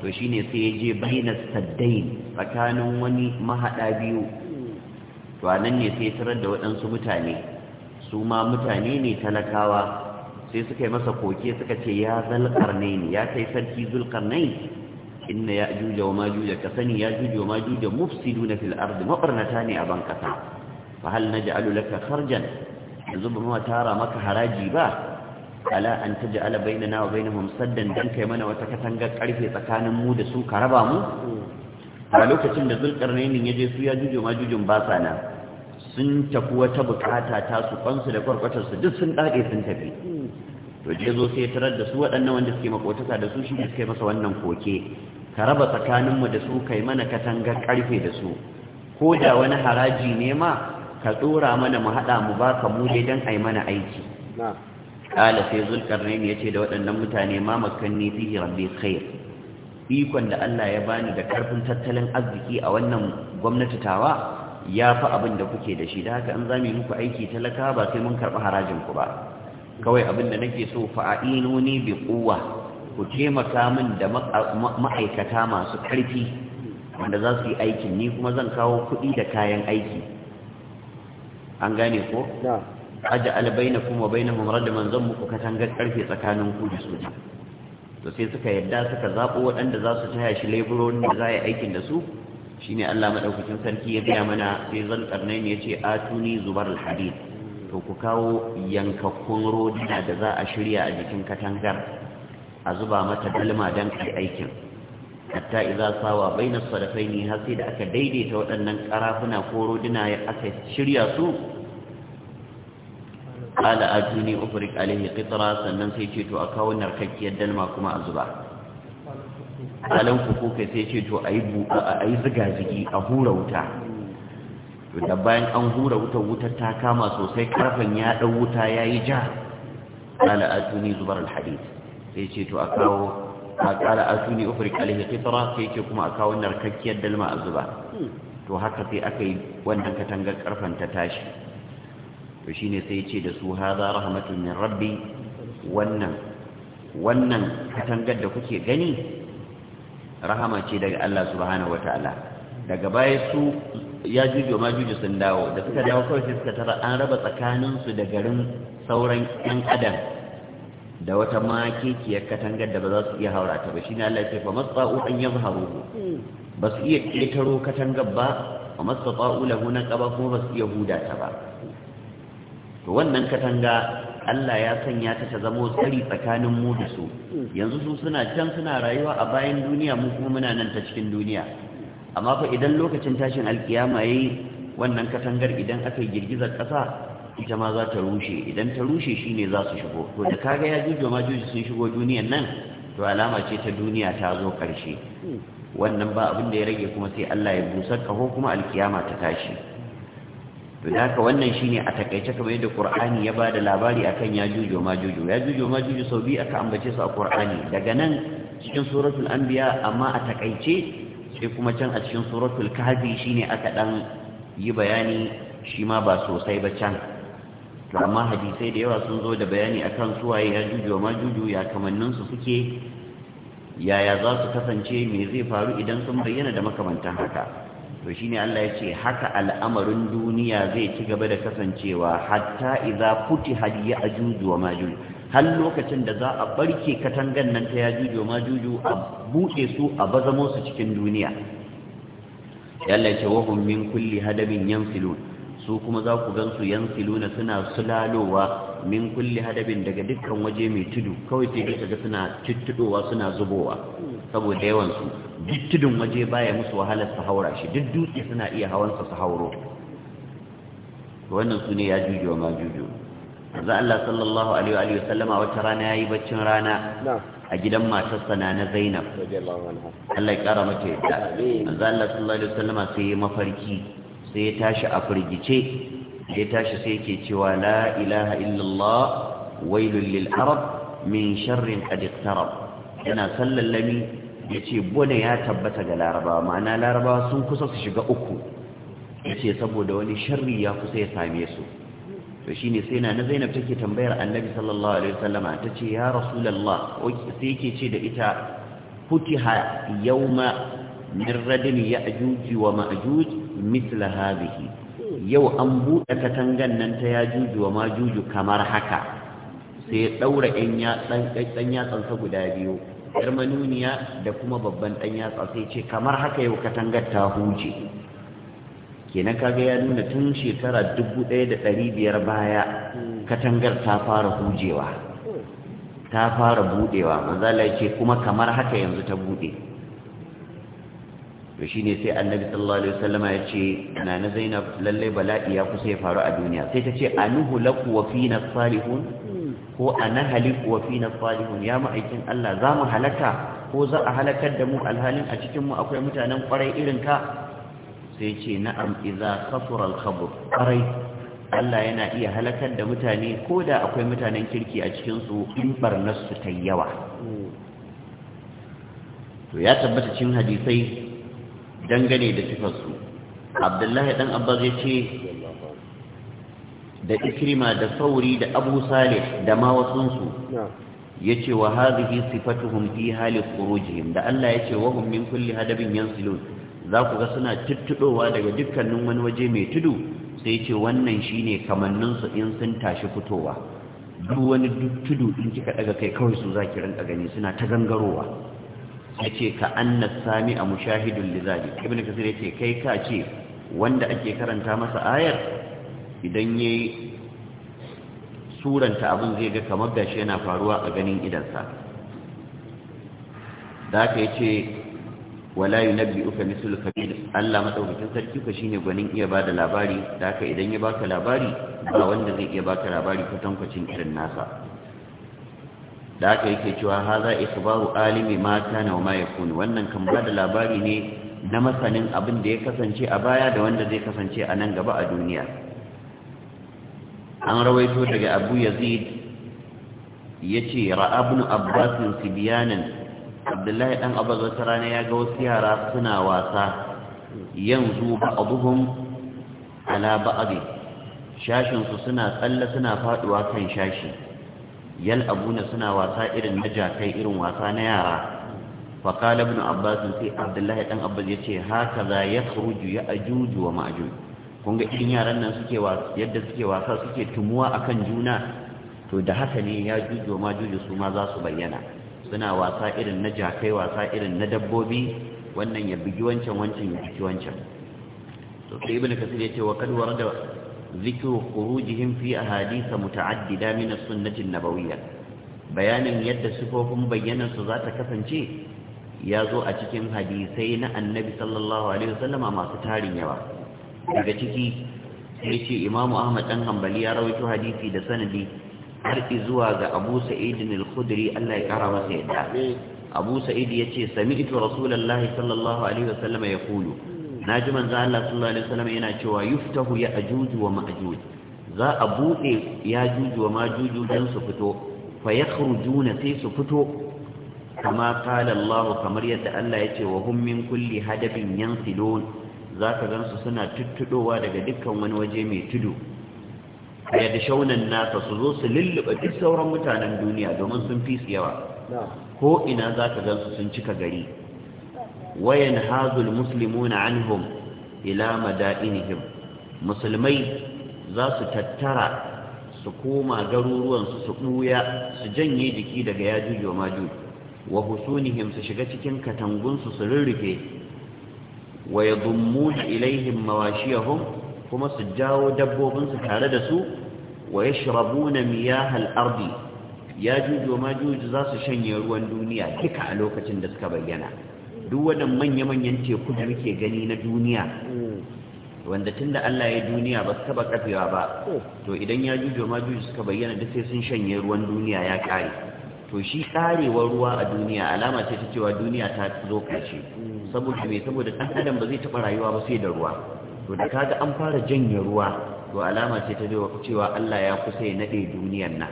to ne sai ya je baina saddain tsakanin wani mahaɗa biyu to anan ne sai tarar da waɗansu mutane su ma mutane ne talakawa sai suka yi masa koke suka ce ya zalƙarnain ya kai sarki zulƙarnain inna ya juja wa majuja ka sani ya juja wa majuja mufsiduna fil ardi mabarnata ne a ban kasa fa hal ji laka kharjan yanzu ba mu tara maka haraji ba ala an taj'ala bainana wa bainahum saddan dan kai mana wata katangar karfe tsakanin mu da su ka raba mu a lokacin da zulkarnainin yaje su ya jujo ma jujun ba sa sun tafi wata bukata ta su kansu da kwarkwatar su duk sun dade sun tafi to je zo sai tarar da su waɗannan wanda suke makotaka da su shi ne kai masa wannan koke ka raba tsakanin mu da su kai mana katangar karfe da su ko da wani haraji ne ma ka tsora mana mu haɗa mu ba ka mu dai don ai mana aiki kala sai zulkarnain ce da waɗannan mutane ma makanni fihi rabbi khair ikon da Allah ya bani da karfin tattalin arziki a wannan gwamnati tawa ya fi abin da kuke da shi da haka an zami muku aiki talaka ba sai mun karɓi harajin ku ba kawai abin da nake so fa'inuni bi quwwa ku taimaka min da ma'aikata masu ƙarfi wanda za su yi aikin ni kuma zan kawo kuɗi da kayan aiki an gane ko? aj'al kum wa bainahum radaman zan muku katangar karfe tsakanin ku da su to sai suka yadda suka zabo waɗanda za su taya shi laburo da za a yi aikin da su shine Allah madaukakin sarki ya biya mana sai zan karnai ne ce atuni zubar alhadid to ku kawo yankakkun rodina da za a shirya a jikin katangar a zuba mata dalma dan kai aikin hatta idza sawa baina sadafaini har sai da aka daidaita waɗannan karafuna ko rodina ya aka shirya su ala ajuni ufrik alaihi qitra sannan sai ce to a kawo narkakkiyar dalma kuma a zuba alan kuku kai sai ce to ayi ayi ziga zigi a hura wuta to da bayan an hura wuta, wutar ta kama sosai karfan ya dau wuta yayi ja ala ajuni zubar alhadid sai ce to a kawo ala ajuni ufrik alaihi qitra sai ce kuma a kawo narkakkiyar dalma a zuba to haka sai aka yi wannan katangar karfan ta tashi to shine sai ce da su haza rahmatun min rabbi wannan wannan katangar da kuke gani rahama ce daga Allah subhanahu wataala daga baya su ya juju ma juju sun dawo da suka dawo kawai sai suka tara an raba tsakaninsu da garin sauran ƴan adam da wata makekiyar katangar da ba za su iya haura ta ba shine Allah ya ce fa masfa'u an yazharu ba su iya ƙetaro katangar ba a masu lahu na ƙaba kuma ba su iya huda ta ba to wannan katanga Allah ya sanya ta ta zamo tsari tsakanin mu da su yanzu su suna can suna rayuwa a bayan duniya mu kuma muna nan ta cikin duniya amma fa idan lokacin tashin alkiyama yayi wannan katangar idan aka yi girgizar ƙasa ita ma za ta rushe idan ta rushe shine za su shigo to da kaga ya jujo ma juji sun shigo duniyan nan to alama ce ta duniya ta zo ƙarshe wannan ba abin da ya rage kuma sai Allah ya busar ƙaho kuma alkiyama ta tashi to da haka wannan shine a takaice kamar yadda ƙur'ani ya ba da labari akan Yajuju wa Majuju Yajuju wa Majuju sau biyu aka ambace su a ƙur'ani daga nan cikin suratul anbiya amma a takaice sai kuma can a cikin suratul kahfi shine aka ɗan yi bayani shi ma ba sosai ba can to amma hadisai da yawa sun zo da bayani a akan suwaye Yajuju wa Majuju ya kamannin su suke yaya za su kasance me zai faru idan sun bayyana da makamantan haka to ne Allah ya ce haka al'amarin duniya zai ci gaba da kasancewa hatta idza futiha ya'juj wa majuju, har lokacin da za a barke katangan nan ta ya juju wa majuju a buɗe su a bazamo su cikin duniya yalla ce wahun min kulli hadabin yansilun su kuma za ku gan su gansu luna suna sulalowa min kulli hadabin daga dukkan waje mai tudu kawai sai dai kaga suna tuttudowa suna zubowa saboda yawan su duk tudun waje baya musu wahalar su haura shi duk dutse suna iya hawan sa su hauro wannan su ne ya jujuwa ma juju za Allah sallallahu alaihi wa sallama wata rana yayi baccin rana a gidan matarsa na na Zainab Allah ya kara mata yadda manzo Allah sallallahu alaihi wa sallama sai mafarki sai ya tashi a firgice ya tashi sai yake cewa la ilaha illallah wailul lil arab min sharrin qad iqtarab yana sallallami yace bone ya tabbata ga larabawa ma'ana larabawa sun kusa su shiga uku ce saboda wani sharri ya kusa ya same su to shine sai na Zainab take tambayar Annabi sallallahu alaihi wasallama tace ya rasulallah sai yake ce da ita futiha yawma min radin ya'juj wa ma'juj misla hadhihi yau an buɗe katangan nan ta yajuju wa majuju kamar haka sai ya ɗaura ɗan yatsansa guda biyu yar manuniya da kuma babban ɗan yatsa sai ce kamar haka yau katangar ta huje kenan kaga ya nuna tun shekara dubu ɗaya da ɗari biyar baya katangar ta fara hujewa ta fara buɗewa manzala ce kuma kamar haka yanzu ta buɗe to shine sai annabi sallallahu alaihi wasallama ya ce na na zainab lalle bala'i ya kusa ya faru a duniya sai ta ce anuhu laku wa fina salihun ko ana haliku wa fina salihun ya ma'aikin Allah za mu halaka ko za a halakar da mu alhalin a cikin mu akwai mutanen kwarai irin ka sai ce na'am idza kasura al-khabr kwarai Allah yana iya halakar da mutane ko da akwai mutanen kirki a cikin su in barnar su ta yawa hmm. to ya tabbata cin hadisai dangane da sifarsu abdullahi dan abbas ya ce da ikrima da sauri da abu salih da ma wasunsu ya ce wa hadhihi sifatuhum fi hali khurujihim da Allah ya ce wahun kulle min kulli hadabin yansilun za ku ga suna tuttudowa daga dukkanin wani waje mai tudu sai ce wannan shine ne kamanninsu in sun tashi fitowa duk wani tudu in kika daga kai kawai su zaki rinka gani suna ta gangarowa ce ka anna sami a mushahidun lizali. ibn kasir ce kai ka ce wanda ake karanta masa ayar idan yi suranta abin zai ga kamar gashi yana faruwa a ganin idansa da walayu yace biyu ka misul kabir Allah madaukakin sarki ka shine gwanin iya ba da labari da aka idan ya baka labari ba wanda zai iya baka labari kwatankwacin irin nasa da aka yake cewa haza ikhbaru alimi ma kana wa ma yakun wannan kan bada labari ne na masanin abin da ya kasance a baya da wanda zai kasance a nan gaba a duniya an rawaito daga abu yazid yace ra'a ibn abbas sibyanan abdullahi dan Abu wata rana ya ga wasu yara suna wasa yanzu abuhum ala ba'di shashin su suna tsalle suna faduwa kan shashi yal'abuna suna wasa irin na jakai irin wasa na yara fa qala ibn abbas sai abdullahi dan abbas yace haka za yakhruju ya ajuju wa ma'juj kun ga irin yaran nan suke yadda suke wasa suke tumuwa akan juna to da haka ne ya juju wa ma'juj su ma za su bayyana suna wasa irin na jakai wasa irin na dabbobi wannan ya bugi wancan wancan ya bigi wancan to sai ibn kasir yace wa kad warada ذكر خروجهم في أحاديث متعددة من السنة النبوية بيان يد سفوهم بيانا سزات كفنشي يازو أتكم حديثين النبي صلى الله عليه وسلم ما ستهارين يوا لكي yace Imam Ahmad ɗan hambali ya rawaito hadisi da sanadi har zuwa ga Abu Sa'id al-Khudri Allah ya kara masa yadda Abu Sa'id yace sami'tu Rasulullah sallallahu alaihi naji manzo Allah sallallahu alaihi wasallam yana cewa yuftahu ya ajuju wa ma'juj za a bude ya juju wa majuju dan su fito fa yakhrujuna sai su fito kama qala Allah kamar yadda Allah ce wa hum min kulli hadabin yansilun zaka gansu suna tuttudowa daga dukkan wani waje mai tudu ya da shaunan nasa su zo su lulluɓa duk sauran mutanen duniya domin sun fi yawa ko ina zaka gansu sun cika gari wayan hazul muslimuna anhum ila madainihim musulmai za su tattara su koma garuruwansu su ɓuya su janye jiki daga yajuj wa majuj wa husunihim su shiga cikin katangunsu su rurrufe wa yadhummuna ilaihim mawashiyahum kuma su jawo dabbobinsu tare da su wa yashrabuna miyahal ardi yajuj wa majuj za su shanye ruwan duniya duka a lokacin da suka bayyana duk wadan manya-manyan teku da muke gani na duniya wanda tun da Allah ya duniya ba su taba kafewa ba to idan ya jujo ma juju suka bayyana duk sai sun shanye ruwan duniya ya kare to shi karewar ruwa a duniya alama ce ta cewa duniya ta zo kace saboda me saboda dan adam ba zai taba rayuwa ba sai da ruwa to da kaga an fara janye ruwa to alama ce ta cewa Allah ya kusa ya nade duniyar nan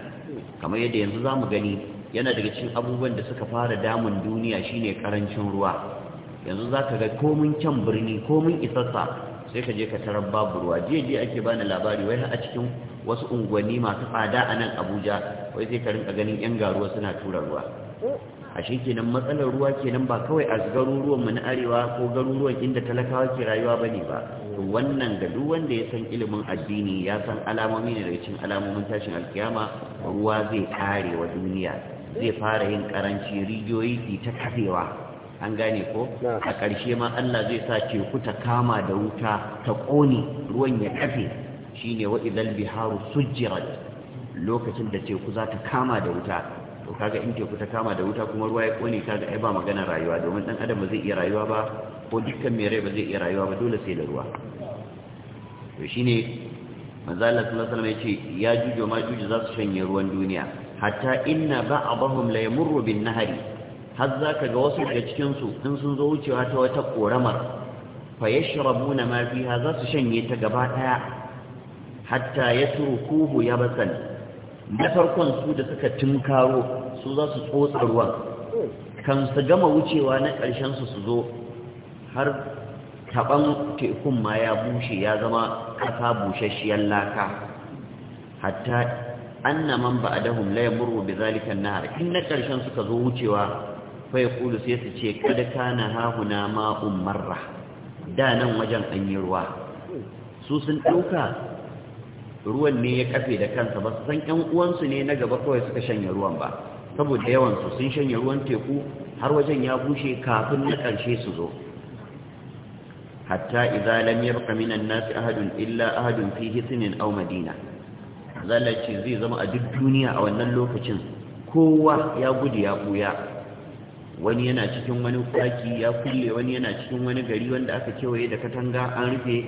kamar yadda yanzu zamu gani yana daga cikin abubuwan da suka fara damun duniya shine karancin ruwa yanzu zaka ga komin can birni komin isassa sai ka je ka tarar babu ruwa jiya jiya ake bani labari wai a cikin wasu unguwanni masu tsada a nan abuja wai sai ka rinka ganin yan garuwa suna tura ruwa a shi kenan matsalar ruwa kenan ba kawai a garuruwan mu na arewa ko garuruwan inda talakawa ke rayuwa ba ne ba wannan ga duk wanda ya san ilimin addini ya san alamomi ne daga cikin alamomin tashin alkiyama ruwa zai kare wa duniya zai fara yin karanci rijiyoyi su ta kafewa an gane ko a ƙarshe ma Allah zai sa teku ta kama da wuta ta ƙone ruwan ya kafe shine wa biharu sujjirat lokacin da teku za ta kama da wuta to kaga in teku ta kama da wuta kuma ruwa ya ƙone kaga ai ba magana rayuwa domin dan adam ba zai iya rayuwa ba ko dukkan mai rai ba zai iya rayuwa ba dole sai da ruwa to shine manzo Allah sallallahu alaihi wasallam ya ce ya jujo ma jujo za su shanye ruwan duniya hatta inna ba'dhum la yamurru bin nahri har zaka ga wasu daga cikin su in sun zo wucewa ta wata koramar fa yashrabuna ma fiha za su shanye ta gaba daya hatta yatrukuhu yabasan da farkon su da suka tunkaro su za su tsotsa ruwan kan su gama wucewa na ƙarshen su su zo har taban tekun ma ya bushe ya zama ƙasa busasshiyar laka hatta anna man ba'dahum la yamuru bi zalika an-nar in na karshen suka zo wucewa fa yaqulu sai su ce kad kana hahuna ma umarra? da nan wajen an yi ruwa su sun dauka ruwan ne ya kafe da kansa ba su san ƴan uwansu ne na gaba kawai suka shanye ruwan ba saboda yawan su sun shanye ruwan teku har wajen ya bushe kafin na karshe su zo hatta idza lam yabqa minan nasi ahadun illa ahadun fi hisnin aw madina zalla ce zai zama a duk duniya a wannan lokacin kowa ya gudu ya buya wani yana cikin wani kwaki ya kulle wani yana cikin wani gari wanda aka kewaye da katanga an rufe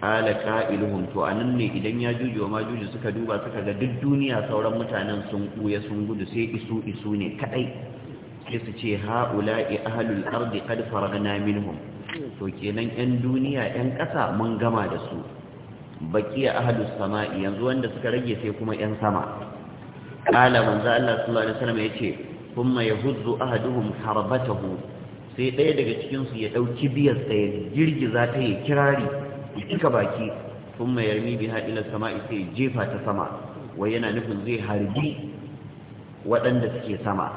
kala qa'iluhum to anan ne idan ya juju ma juju suka duba suka ga duk duniya sauran mutanen sun buya sun gudu sai isu isu ne kadai sai su ce ha'ula'i ahlul ardi qad faragna minhum to kenan yan duniya yan kasa mun gama da su baqiya ahadus sama'i yanzu wanda suka rage sai kuma yan sama Alama'n manzo Allah sallallahu alaihi wasallam yace kuma yahuzzu ahaduhum harbatahu sai ɗaya daga cikin su ya dauki biyar ya girgiza ta ya kirari kika cika baki kuma yarmi biha ila sama'i sai jefa ta sama wai yana nufin zai harbi waɗanda suke sama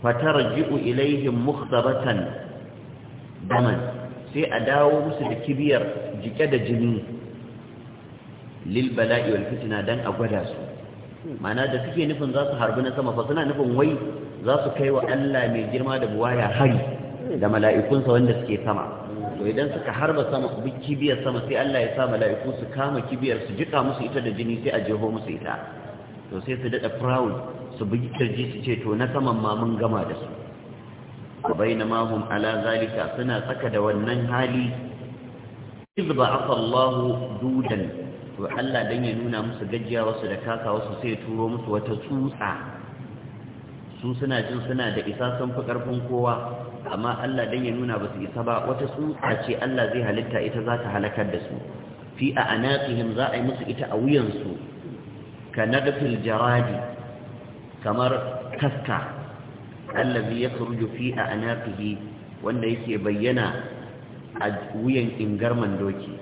fatarji'u ilaihim mukhtabatan daman sai a dawo musu da kibiyar jike da jini lil bala'i wal fitna dan a gwada su ma'ana da suke nufin za su harbi na sama fa suna nufin wai za su kai wa Allah mai girma da buwaya hari da mala'ikunsa wanda suke sama to idan suka harba sama kibiyar sama sai Allah ya sa mala'iku su kama kibiyar su jika musu ita da jini sai a jeho musu ita to sai su dada proud su bugi kirji su ce to na saman ma mun gama da su bainama hum ala zalika suna tsaka da wannan hali iz ba'atha dudan to Allah dan ya nuna musu gajiya wasu da kasa wasu sai turo musu wata tsutsa su suna jin suna da isa sun fi karfin kowa amma Allah dan ya nuna basu isa ba wata tsutsa ce Allah zai halitta ita za ta halakar da su fi a anaqihim za a yi musu ita a wuyansu ka nadfil jaradi kamar kaska allazi yakhruju fi a anaqihi wanda yake bayyana a wuyan ingarman doki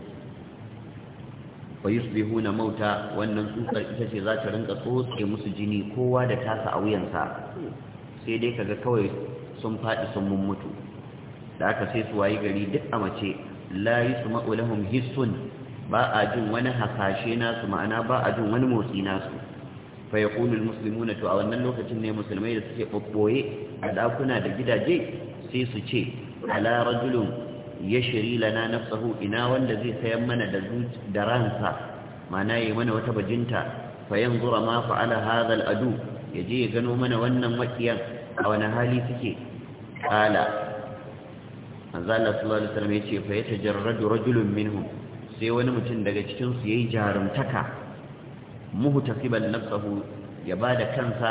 fa yusbihuna mauta wannan tsutsar ita ce za ta rinka tsotse musu jini kowa da tasa a wuyansa sai dai kaga kawai sun faɗi sun mun mutu da aka sai su wayi gari duk a mace la yusma'u ma'ulahum hissun ba a jin wani hasashe nasu ma'ana ba a jin wani motsi nasu fa yaqulu almuslimuna to a wannan lokacin ne musulmai da suke bobboye a dakuna da gidaje sai su ce ala rajulun yashri lana tsaho ina wanda zai sayan mana da da ransa mana yi mana wata bajinta fayanzura ma fa'ala hadha al-adu yaje ya gano mana wannan makiyan a wani hali suke Ƙala. manzo Allah sallallahu alaihi wasallam yace fa yatajarradu rajulun Minhu. sai wani mutum daga cikin su yayi jarumtaka na tsaho ya bada kansa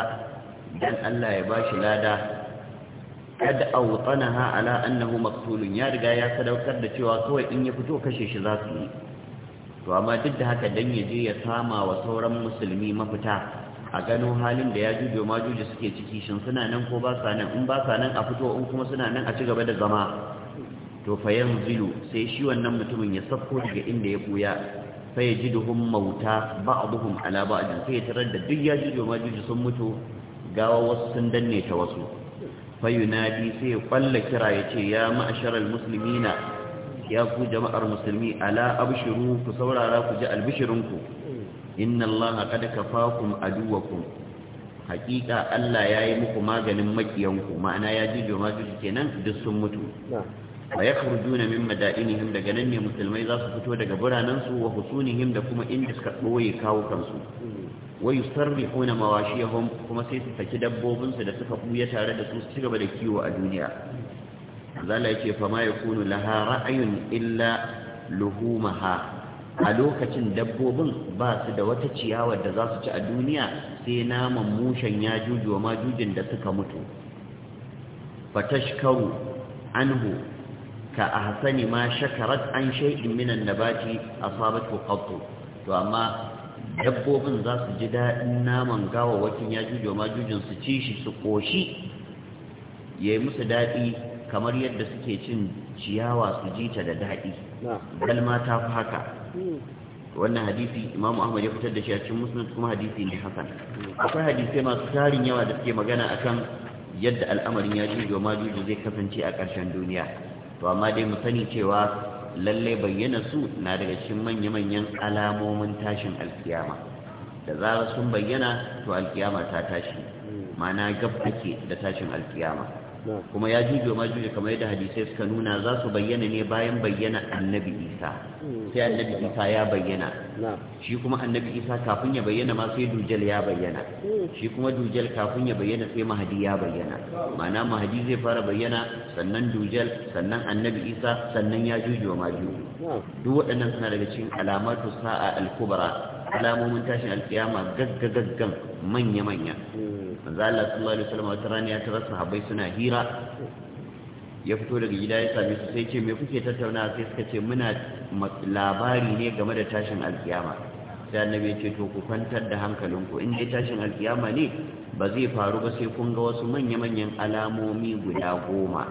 Idan Allah ya bashi lada kad awtanaha ala annahu maqtulun ya riga ya sadaukar da cewa kawai in ya fito kashe shi za su yi to amma duk da haka dan ya je ya sama wa sauran musulmi mafita a gano halin da ya jujo ma jujo suke ciki shin suna nan ko ba sa nan in ba sa nan a fito in kuma suna nan a ci gaba da zama to fa yanzilu sai shi wannan mutumin ya sako daga inda ya buya fa yajiduhum mauta ba'dhum ala ba'd sai tarar da duk ya jujo ma jujo sun mutu gawa wasu sun danne ta wasu fayunadi sai ya kwalla kira ya ce ya ma'asharar musulmina ya ku jama'ar musulmi ala Abushiru ku saurara ku ji albishirinku inna allaha qad kafakum aduwakum haƙiƙa Allah ya yi muku maganin makiyanku ma'ana ya ji joma juji kenan duk sun mutu wa yakhrujuna min madainihim daga nan ne musulmai za su fito daga biranensu wa husunihim da kuma inda suka ɓoye kawo kansu hmm. wai sarrihuna mawashiyahum kuma sai su saki dabbobinsu da suka buya tare da su su gaba da kiwo a duniya zala ce fa ma kunu laha ra'ayun illa luhumaha a lokacin dabbobin ba su da wata ciyawar da za su ci a duniya sai naman mushen ya juji wa majujin da suka mutu fatashkaru anhu ka ahsani ma shakarat an shay'in minan nabati asabatu qattu to amma dabbobin za su ji daɗin naman gawawakin ya jujo ma jujin su ci shi su ƙoshi ya yi musu daɗi kamar yadda suke cin ciyawa su ji ta da daɗi galma ta fi haka hmm. wannan hadisi imamu ahmad ya fitar da shi a cikin musulun kuma hadisi ne hasan hmm. akwai hadisai masu tarin yawa da suke magana akan yadda al'amarin ya jujo ma jujo zai kasance a ƙarshen duniya to amma dai mu sani cewa lalle bayyana su na daga cikin manya-manyan alamomin tashin alkiyama da zarar sun bayyana to alkiyama ta tashi ma'ana gab ake da tashin alkiyama kuma ya juje ma juje kamar yadda hadisai suka nuna za su bayyana ne bayan bayyana annabi isa hmm. sai annabi isa ya bayyana shi kuma annabi isa kafin ya bayyana ma sai dujal ya bayyana hmm. shi kuma dujal kafin ya bayyana sai mahadi ya bayyana ma'ana mahadi zai fara bayyana sannan dujal sannan annabi isa sannan ya juje ma juje duk waɗannan suna daga cikin alamatu sa'a a alkubara alamomin tashin alkiyama gaggagaggan manya-manya hmm. manzo Allah sallallahu alaihi wasallam wata rana ya tara sahabbai suna hira ya fito daga gida ya same su sai ce me kuke tattauna sai suka ce muna labari ne game da tashin alkiyama sai annabi ya ce to ku kwantar da hankalinku in dai tashin alkiyama ne ba zai faru ba sai kun ga wasu manya-manyan alamomi guda goma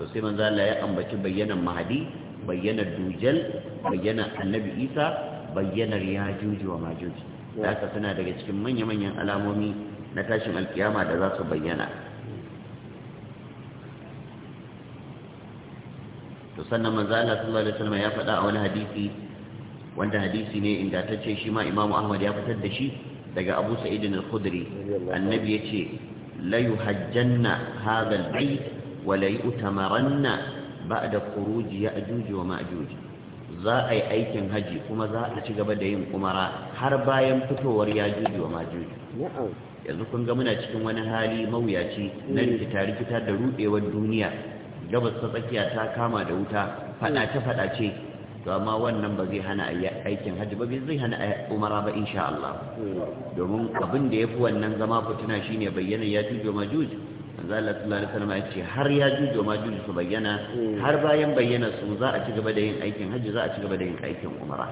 to sai manzo Allah ya ambaci bayyanan mahadi bayyanar dujal bayyanar annabi isa bayyanar yajuji wa majuji da suna daga cikin manya-manyan alamomi na tashin alkiyama da za su bayyana to sannan manzo Allah sallallahu alaihi wasallam ya faɗa a wani hadisi wanda hadisi ne inda ta ce shi ma Imam Ahmad ya fitar da shi daga Abu Sa'id al-Khudri annabi yace la yuhajjanna hadha al-bayt wa la yu'tamaranna ba'da khuruji ya'juj wa ma'juj za a yi aikin haji kuma za a ci gaba da yin umara har bayan fitowar ya'juj wa ma'juj na'am yanzu kun ga muna cikin wani hali mawuyaci na rikita rikita da rudewar duniya gabas ta tsakiya ta kama da wuta faɗace faɗace to amma wannan ba zai hana aikin hajji ba zai hana umara ba insha Allah hmm. domin abin da ya fi wannan zama fituna shine bayyana ya tuje majuj manzo Allah sallallahu alaihi wasallam ya ce har ya juju ma juju su bayyana har bayan bayyana su za a ci gaba da yin aikin hajji za a ci gaba da yin aikin umara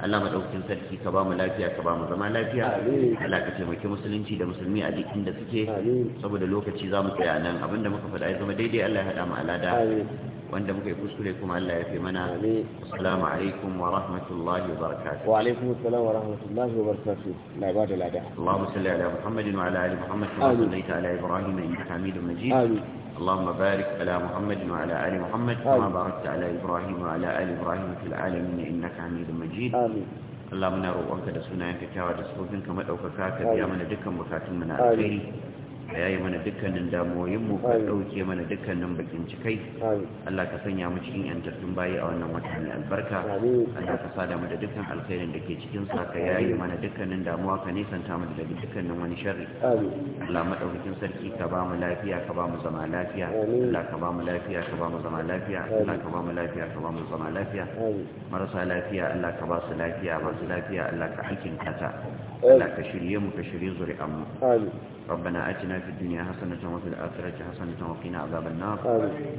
Allah madaukakin sarki ka ba mu lafiya ka ba mu zama lafiya Allah ka taimaki musulunci da musulmi a duk inda suke saboda lokaci za mu tsaya nan abinda muka faɗa ya zama daidai Allah ya haɗa mu alada wanda muka yi kuskure kuma Allah ya fi mana assalamu alaikum wa rahmatullahi wa barakatuh wa alaikum assalam wa rahmatullahi wa barakatuh na ba da lada Allahumma salli ala Muhammadin wa ala ali Muhammad kama sallaita ala Ibrahim innaka Hamidum Majid اللهم بارك على محمد وعلى آل محمد كما باركت على إبراهيم وعلى آل إبراهيم في العالمين إنك حميد مجيد آمين اللهم نروقك دسونا ينكتاوى دسوفنك مدعوك كاكا بيامنا دكا مكاتمنا الخير ka yayi mana dukkanin damuwoyin mu ka dauke mana dukkanin bakin cikai Allah ka sanya mu cikin yantattun bayi a wannan wata mai albarka Allah ka sada mu da dukkan alkhairin da ke cikin sa ka yayi mana dukkanin damuwa ka nisanta mu daga dukkanin wani sharri Allah madaukakin sarki ka ba mu lafiya ka ba mu zama lafiya Allah ka ba mu lafiya ka ba mu zama lafiya Allah ka ba mu lafiya ka ba mu zama lafiya marasa lafiya Allah ka ba su lafiya ba su lafiya Allah ka hakinta ta Allah ka shirye mu ka shirye zuri'anmu rabbana atina fid dunya hasanatan wa fil akhirati hasanatan wa qina azaban nar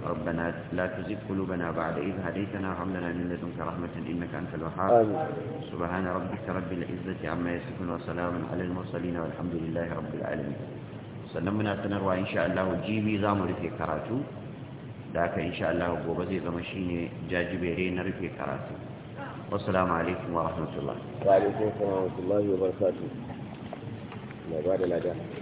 rabbana la tuzigh qulubana ba'da idh hadaytana wa hab lana min ladunka rahmatan innaka antal wahhab subhana rabbika rabbil izzati amma yasifun wa salamun 'alal mursalin walhamdulillahi rabbil 'alamin sallamuna sanarwa insha jibi za mu rike karatu da ka insha gobe zai zama shine jajibere na rufe karatu wassalamu alaikum wa rahmatullah wa alaikum wa rahmatullahi wa barakatuh na ba da lada